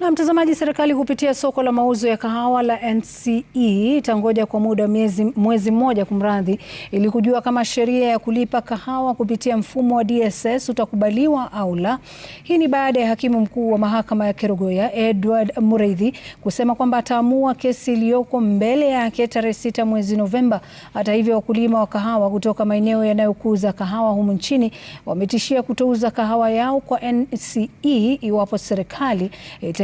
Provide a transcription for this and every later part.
Na mtazamaji, serikali kupitia soko la mauzo ya kahawa la NCE itangoja kwa muda miezi, mwezi mmoja kumradhi, ili kujua kama sheria ya kulipa kahawa kupitia mfumo wa DSS utakubaliwa au la. Hii ni baada ya hakimu mkuu wa mahakama ya Kerugoya Edward Mureithi kusema kwamba ataamua kesi iliyoko mbele yake tarehe sita mwezi Novemba. Hata hivyo, wakulima wa kahawa kutoka maeneo yanayokuza kahawa humu nchini wametishia kutouza kahawa yao kwa NCE iwapo serikali ita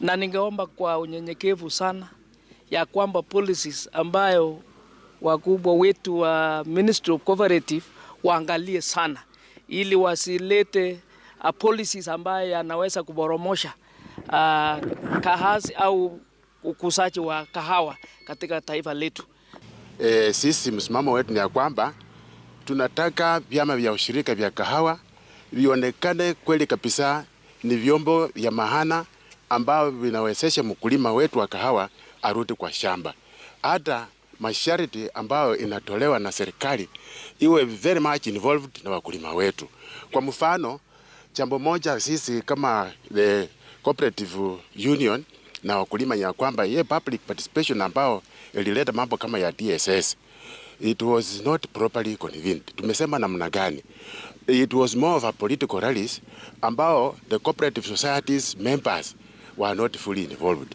na ningeomba kwa unyenyekevu sana ya kwamba policies ambayo wakubwa wetu wa Ministry of Cooperative waangalie sana, ili wasilete a uh, policies ambayo yanaweza kuboromosha kahasi uh, kahazi au ukusaji wa kahawa katika taifa letu. E, sisi msimamo wetu ni ya kwamba tunataka vyama vya ushirika vya kahawa vionekane kweli kabisa ni vyombo vya mahana ambavyo vinawezesha mkulima wetu wa kahawa arudi kwa shamba. Hata masharti ambayo inatolewa na serikali iwe very much involved na wakulima wetu. Kwa mfano, jambo moja sisi kama the eh, cooperative union na wakulima ya kwamba ye public participation ambao ilileta mambo kama ya DSS it was not properly convened. Tumesema namna gani? It was more of a political rallies ambao the cooperative societies members were not fully involved.